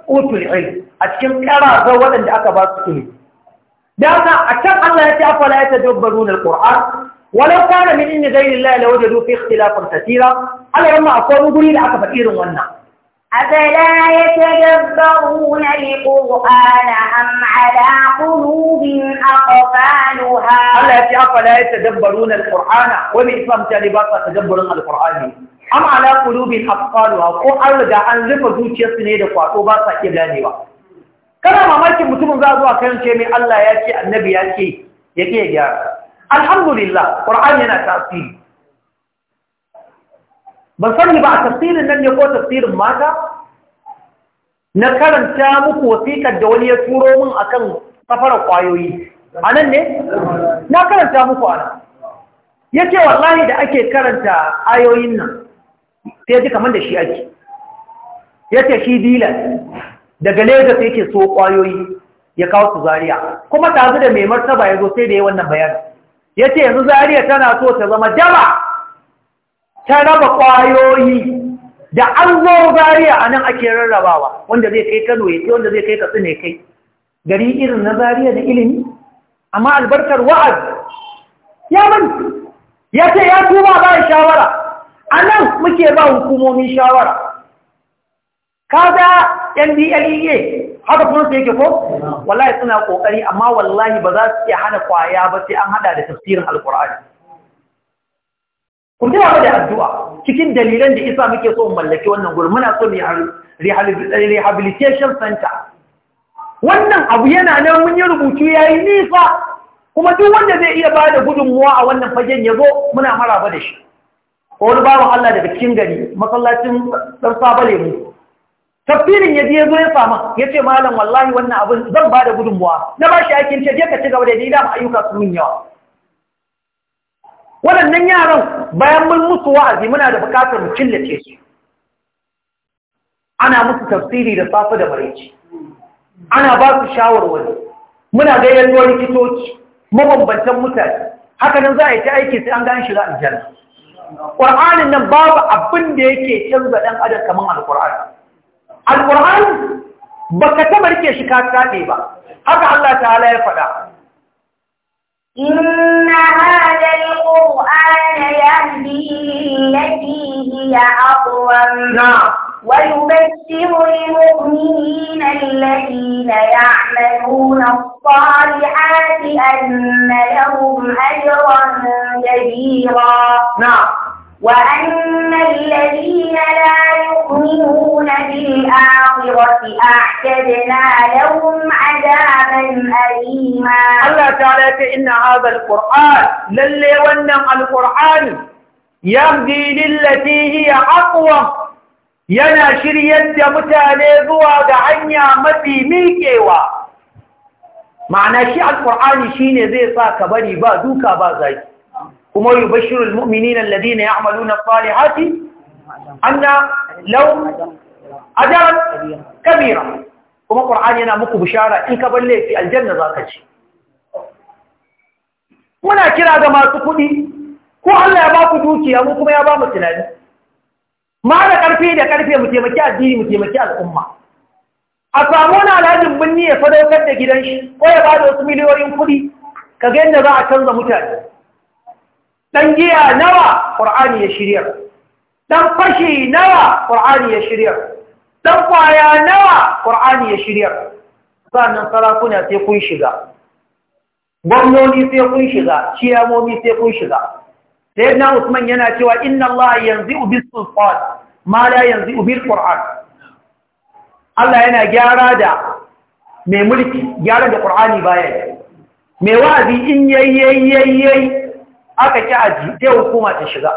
utul ilm a cikin karaza waɗanda aka ba su ilmi dan a can Allah ya ce afala yatadabbaruna alqur'an ولو كان من عند غير الله لوجدوا فيه اختلافا كثيرا على ما da aka لأكفر irin wannan. أفلا يتدبرون القرآن أم على قلوب أقفالها الله يأتي أفلا يتدبرون القرآن ومن إسلام تالبات تدبرون القرآن أم على قلوب أقفالها قرآن لدى أن لفا زوجي سنيد قواتوبا سأكبلانيوا كما ممالك متمن زادوا كان شيء الله يأتي النبي يأتي يأتي يأتي الحمد لله قرآن ينا تأثير ban sani ba a tafsirin nan ne ko tafsirin mata na karanta muku wasikar da wani ya turo min akan safarar kwayoyi a nan ne na karanta muku ana ya ce wallahi da ake karanta ayoyin nan sai ji kamar da shi ake ya ce shi dilan daga lagos yake so kwayoyi ya kawo su zariya kuma tazu da mai martaba ya zo sai da yi wannan bayan ya ce yanzu zariya tana so ta zama daba ta raba ƙwayoyi da an zo zariya a nan ake rarrabawa wanda zai kai kano ya wanda zai kai katsi ne kai gari irin na zariya da ilimi amma albarkar wa'azi ya manta ya ce ya tuba ba shawara a nan muke ba hukumomin shawara kada yan dlea haka kuma su yake ko wallahi suna ƙoƙari amma wallahi ba za su iya hana kwaya ba sai an hada da tafsirin alkur'ani ku jira da addu'a cikin dalilan da isa muke so mu mallaki wannan gurin muna so rehabilitation center wannan abu yana nan mun yi rubutu yayi nisa kuma duk wanda zai iya ba da gudunmuwa a wannan fagen ya zo muna maraba da shi ko wani babu Allah daga cikin gari masallacin dan saba lemu. tafsirin ya zo ya sama ya ce malam wallahi wannan abin zan ba da gudunmuwa na ba shi aikin ce je ka ci gaba da ni da ayyuka sun yawa waɗannan yaran bayan mun musu wa'azi muna da bukatar mu killace su ana musu tafsiri da safe da maraice ana ba su shawarwari muna gayyato likitoci mabambantan mutane haka nan za a yi ta aiki sai an gani shiga aljanna ƙwar'anin nan babu abin da yake canza ɗan adar kamar alƙur'ani alƙur'ani ba ka taɓa rike shi ka taɗe ba haka Allah ta'ala ya faɗa إن هذا القرآن يهدي للتي هي أقوم نعم. ويبشر المؤمنين الذين يعملون الصالحات أن لهم أجرا كبيرا نعم وأن الذين لا يؤمنون بالآخرة أعتدنا لهم عذابا أليما الله تعالى إن هذا القرآن للي ونم القرآن يهدي للتي هي أقوى yana shiryar da mutane zuwa ga hanya mafi miƙewa ma'ana shi alƙur'ani shine zai sa ka bari ba kuma yubashiru almu'minina alladhina ya'maluna as-salihati anna law ajran kabira kuma qur'ani yana muku bishara in ka balle fi aljanna zaka ci muna kira ga masu kuɗi ko Allah ya ba ku dukiya mu kuma ya ba mu tunani ma da ƙarfi da ƙarfe mu taimaki addini mu taimaki al'umma a samu wani alhajin binni ya sadaukar da gidan shi ko ya ba da wasu miliyoyin kuɗi ka ga yadda za a canza mutane تنجيا نوى قرآن يشريع تنقشي نوى قرآن يشريع تنقعيا نوى قرآن يشريع فأنا نصرفنا تيقوي شغا بغنوني تيقوي شغا شياموني تيقوي شغا سيدنا عثمان يناتي وإن الله ينزئ بالسلطان ما لا ينزئ بالقرآن الله هنا جارة من ملك جارة القرآن باية من وعذي إن يي يي يي يي aka ki aji sai hukuma ta shiga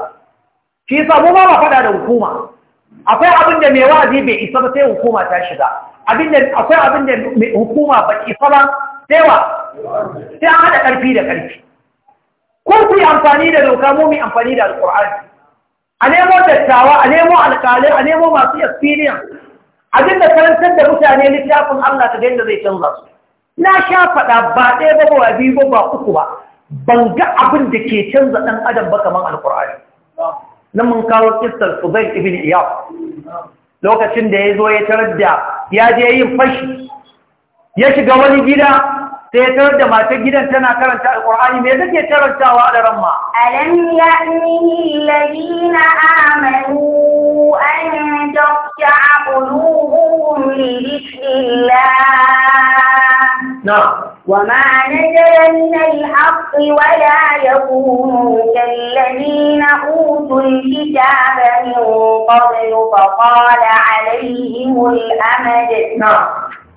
shi yasa mu ma ba faɗa da hukuma akwai abin da mai wazi bai isa ba sai hukuma ta shiga abin da akwai abin da hukuma ba isa ba sai wa sai an haɗa ƙarfi da ƙarfi ko ku yi amfani da doka mu mu amfani da alƙur'ani a nemo dattawa a nemo alƙalai a nemo masu experience abin da karantar da mutane littafin Allah ta yadda zai canza su na sha faɗa ba ɗaya ba ba biyu ba ba uku ba ban ga abin da ke canza ɗan adam ba kamar alkur'ani nan mun kawo kistar fuzail ibn iya lokacin da ya zo ya tarar da ya je yin fashi ya shiga wani gida sai ta da matar gidan tana karanta alƙur'ani me take karantawa da ramma alam ya'nihi alladhina amanu an taqsha'a qulubuhum li dhikrillah na'am وما نزل من الحق ولا يكونوا كالذين أوتوا الكتاب من قبل فقال عليهم الأمد نعم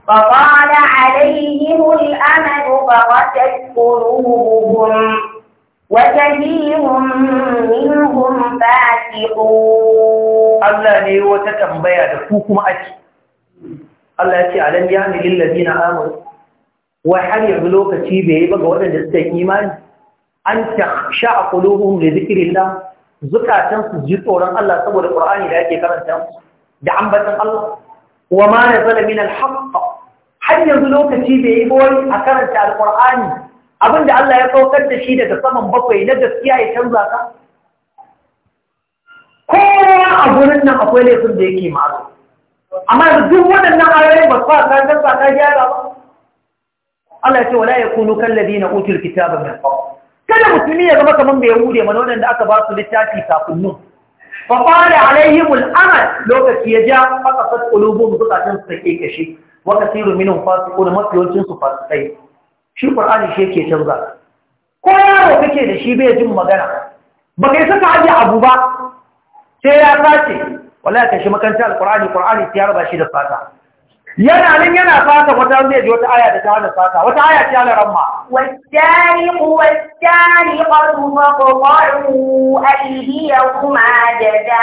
فطال عليهم الأمد فقست قلوبهم وكثير منهم فاسقون الله ne wata tambaya da ku kuma ake Allah ya ce alam yahmi lil ladina amanu wa har yanzu lokaci bai yi ba ga waɗanda suka yi imani an takhsha qulubuhum li dhikrillah zukatan ji tsoron Allah saboda Qur'ani da ake karanta da ambatan Allah wa ma har yanzu lokaci bai yi bawai a karanta alkur'ani abinda Allah ya saukar da shi daga saman bakwai na gaskiya ya canza ka kowa a gurin nan akwai laifin da yake ma'azu amma duk waɗannan ayoyin ba su fasa don ba ka gyara ba Allah ya ce wala ya kunu kallabi na utul kitaba min qabl kada musulmi ya zama kaman bai hude mana da aka ba su littafi kafin nun fa qala alaihim amal lokaci ya ja faqasat qulubuhum zukatan su take kashe wa kasiru minhum mafi mafiyancin su fasikai shi qur'ani shi yake canza ko yaro kake da shi bai jin magana ba kai saka aje abu ba sai ya sace wallahi ka shi makaranta alqur'ani qur'ani sai ya raba shi da fata yana nan yana fata wata zai ji wata aya da ta hana fata wata aya ce hana ramma والسارق والسارقة فاقطعوا أيديهما An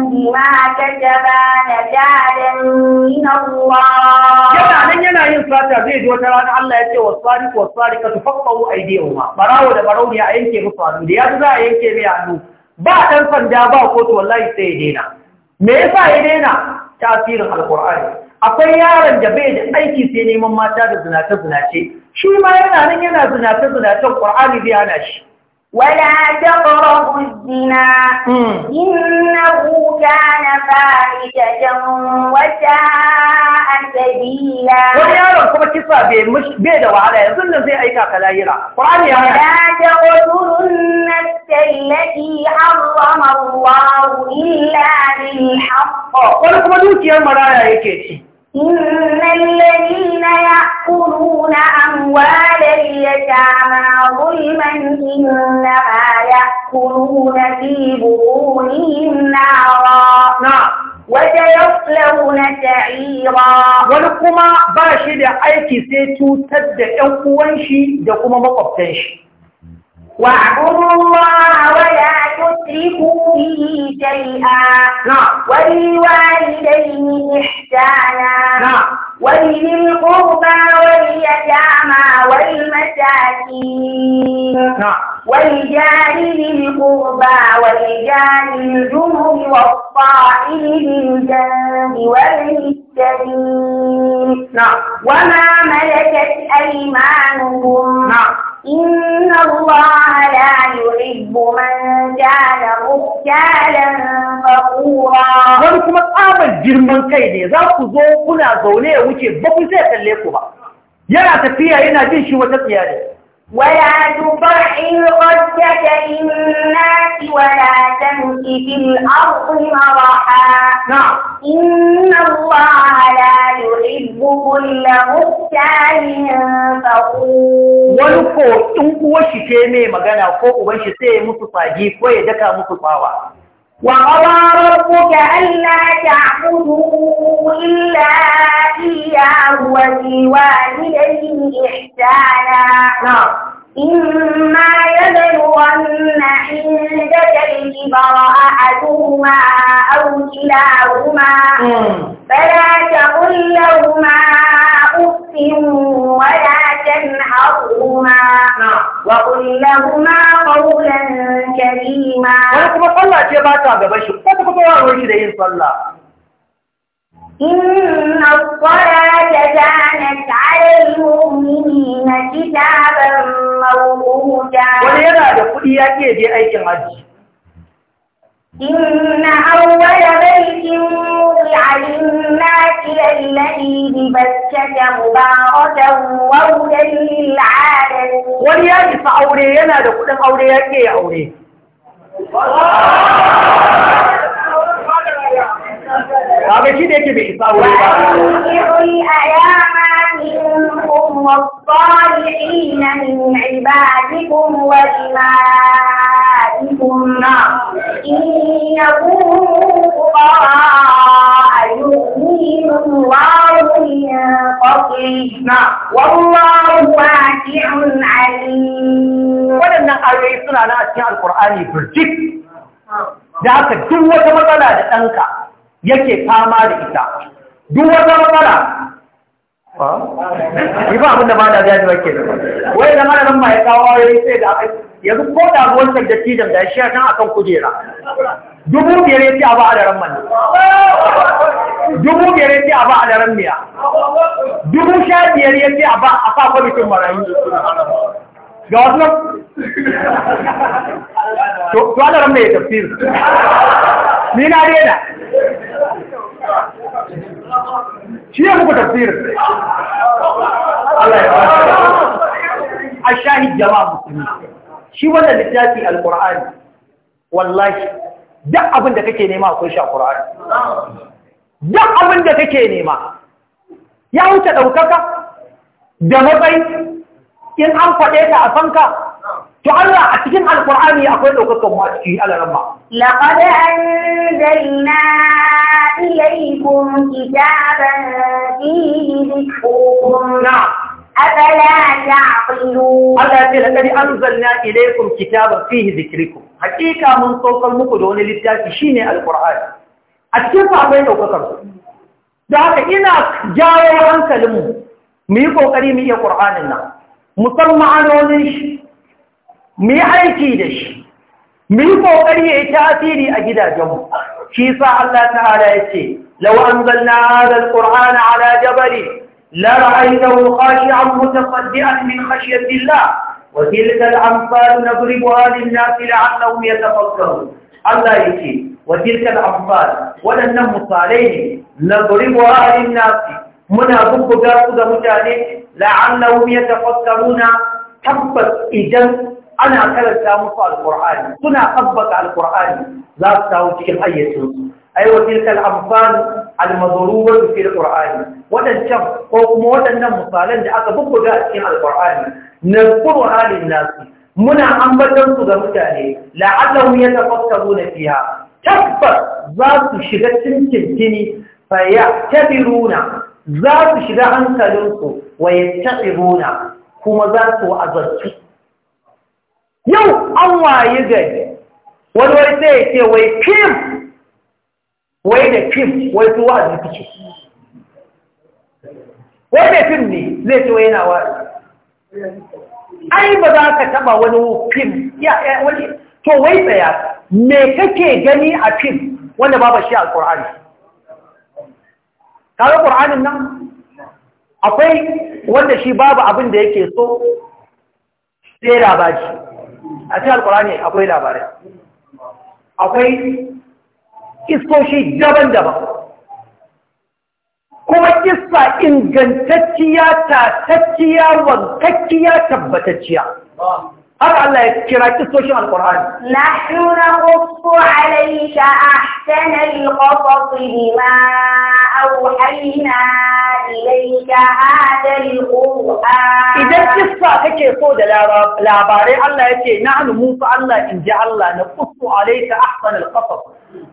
بما كسبا نكالا من الله yana nan yana yin fata zai ji wata rana Allah ya ce wasariq wasariqatu faqtu aydihuma barawo da barawo ya yanke musu hannu da yanzu za a yanke mai hannu ba ɗan sanda ba kotu wallahi sai ya daina me yasa ya daina tasirin alkur'ani akwai yaron da bai da aiki sai neman mata da zinace-zinace shi ma yana nan yana zinace-zinacen ƙur'ani zai hana shi ولا تقربوا الزنا إنه كان فاحشة وساء سبيلا ويارون كما كسا بيدا وعلى يظن زي أيكا كلايرا قرآن يا لا تقتلوا النفس التي حرم الله إلا بالحق ولكم دوتي يا مرايا يكيتي إن الذين يأكلون أموال اليتامى ظلما إنما يأكلون في بطونهم نارا نعم وسيصلون سعيرا ولكما باشد أيكي سيتو تد أنقوانشي دكما مقبتنشي واعبدوا الله ولا تشركوا به شيئا نعم وبالوالدين إحسانا نعم وبذي القربى واليتامى والمساكين نعم والجار ذي القربى والجار الجنب والطائر بالجنب وابن السبيل نعم وما ملكت أيمانكم نعم إن الله لا يحب من كان مختالا فخورا wani kuma tsabar girman kai ne za ku zo kuna zaune ya wuce ba ku sai kalle ku ba yana tafiya yana jin shi wata tsiya ne ولا تطعن ردك للناس ولا تمش في الأرض مرحا نعم إن الله لا يحب كل مختال فخور wani ko in uwar shi ce mai magana ko uban shi sai ya musu tsaji ko ya daka musu tsawa وقضى ربك ألا تعبدوا إلا إياه وبالوالدين إحسانا نعم إما يبلغن عندك الكبر أحدهما أو كلاهما فلا تقل لهما أف ولا تنهرهما وقل لهما قولا كريما. وأنا كما صلى شيء ما كان بشر، كيف كنت أقول كده صلى؟ Inna awwala baytin mu'alim naki allazi bi bashaja mubaraka wa lil alamin wani ya ji aure yana da kudin aure yake ya aure Abe shi da yake bai isa wuri ba. Waɗannan ayoyi suna na cikin Alƙur'ani birjik, da haka wata matsala da ɗanka. yake fama da ita duk wata matsala yi ba abin da ba da jaji wake da wai da mara nan ma ya kawo ya sai da yanzu ko da ruwan can da tijan da shi kan kujera dubu biyar ya ce a ba a daren dubu biyar ya ce a ba a daren miya dubu sha biyar ya ce a ba a marayu ga wasu nan to ana ran mai tafsir ni na daina shi ya muku tafsir a shahid jama'a musulmi shi wannan littafi alkur'ani wallahi duk abin da kake nema akwai shi a ƙur'ani duk abin da kake nema ya wuce ɗaukaka da matsayi in an faɗe ta a san ka to Allah a cikin alkur'ani akwai ɗaukakar mu a ciki alaramma laqad anzalna ilaykum kitaban fihi dhikrukum أفلا تعقلون الله يقول لقد أنزلنا إليكم كتابا فيه ذكركم حقيقة من صوت المقدون للتاكي شيني القرآن أتكيف أبين أو كتر ذاك إنا جاوة عنك لمو ميقو قريم إيا قرآن النار مطمع لونش مي حيكي دش مي فوقري اتاثيري اجدا جمه الله تعالى يتي لو انزلنا هذا القرآن على جبل لرأيته خاشعا متصدئا من خشية الله وتلك الأمثال نضربها للناس لعلهم يتفكرون الله يتي وتلك الأمثال ولن نمص عليه نضربها للناس منا ضب قاصد متعلق la'allahum yatafakkaruna tabbas idan ana karanta musu alqur'ani suna tabbata alqur'ani za su dawo cikin ayyacin ai wa tilkal amsal almadruba fi alqur'ani wadancan ko kuma wadannan misalan da aka bubbuga a cikin alqur'ani nazkuru halin nasi muna ambatan su ga mutane la'allahum yatafakkaruna fiha tabbas za su shiga cikin tintini fayyatabiruna za su shiga ku. wa yattaqibuna kuma za su azabtu yau an waye gari wani wai sai ya ce wai kim wai da kim wai su wa'azi kike wai mai fim ne zai ce wai yana wa'azi ai ba za ka taba wani fim? ya wani to wai tsaya me kake gani a fim wanda ba babu shi a Qur'ani kaga Qur'anin nan akwai wanda shi babu abin da yake so sai labari a cikin alkurani akwai labarai akwai iskoshi daban-daban kuma kissa ingantacciya ta tatacciya wankakkiya tabbatacciya أرى الله كرائك تسوشي من القرآن نحن نقص عليك أحسن القصص بما أوحينا إليك هذا القرآن إذا القصة هيك يقول لا رب لا باري الله هيك نحن موسى الله إن جاء الله نقص عليك أحسن القصص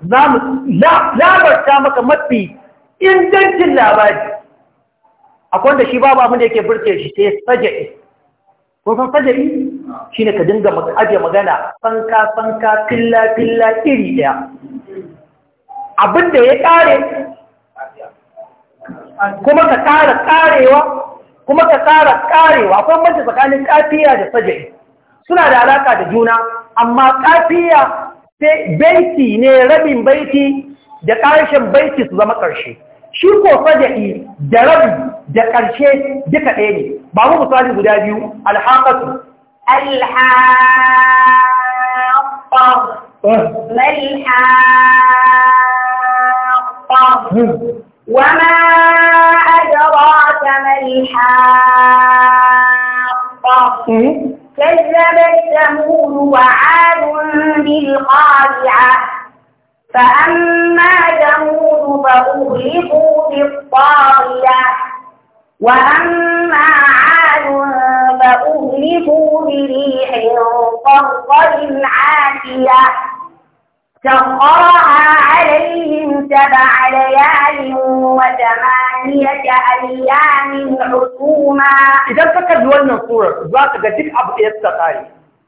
نعم لا لا بس كامك ما تبي إن جنت لا باري أكون ده شباب أمني كبرت يجي تسجئ وفصجئ shine ka dinga ajiye magana fanka fanka filla filla iri daya abinda ya kare kuma ka kara karewa kuma ka kara karewa akwai mace tsakanin kafiya da sajai suna da alaka da juna amma kafiya sai baiti ne rabin baiti da karshen baiti su zama ƙarshe shi ko faja'i da rabi da ƙarshe duka ɗaya ne ba mu misali guda biyu alhaƙatu الحاقة أه. ما الحاقة أه. وما أدراك ما الحاقة أه. كذبت ثمود وعاد بالقارعة فأما ثمود فأغلقوا بالطاغية وأما عاد فأهلكوا بريح صرصر عاتية سخرها عليهم سبع ليال وثمانية أيام حسوما إذا فكر دولنا الصورة ذاك قد أبقى يستطيع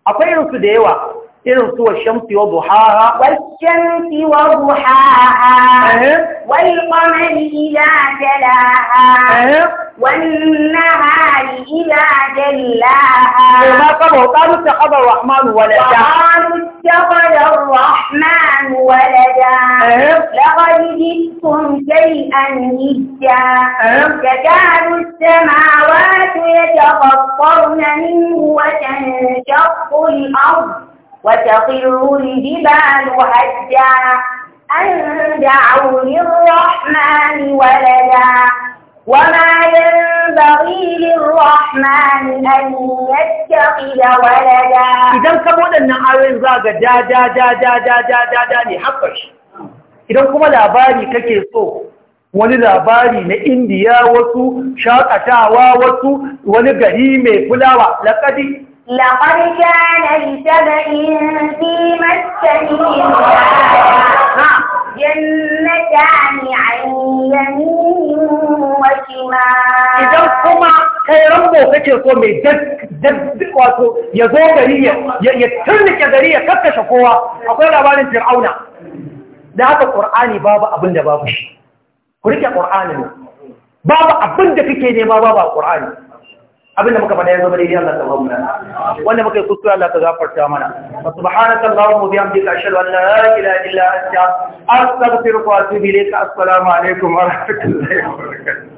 أقول da yawa irin su الشمس وضحاها والشمس وضحاها والقمر shamsi جلاها والنهار إذا جلاها وما قالوا قالوا اتخذ الرحمن ولدا قالوا اتخذ الرحمن ولدا لقد جئتم شيئا إدا تكاد السماوات يتفطرن منه وتنشق الأرض وتخر الجبال هدا أن دعوا للرحمن ولدا وما ينبغي للرحمن أن يتخذ ولدا إذا كمون أن آوين زاغ دا دا دا دا دا دا دا دا لحقش إذا كما لاباري كي صوف wani labari na indiya wasu shakatawa wasu wani gari mai fulawa laƙadi لقد كان لسبأ في مسكنهم جنتان عن يمين وشمال إذا كما خيرا موكتر كما دب واتو يزو درية يترنك درية كتش قوة أقول أبان فرعون da haka ƙur'ani babu abin da babu shi ku rike ƙur'anin babu abin da kake nema babu a abin da muka faɗa ya zama daidai Allah ta bamu nan wanda muka yi kuskure Allah gafarta mana wa subhanaka allahumma wa bihamdika ashhadu an la ilaha illa anta astaghfiruka wa atubu ilayka assalamu alaikum wa rahmatullahi wa barakatuh